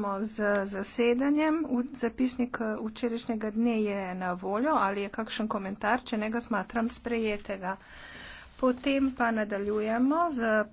nadaljujemo z zasedanjem. Zapisnik eh, včerajšnjega dne je na voljo ali je kakšen komentar, če ne ga smatram sprejetega. Potem pa nadaljujemo z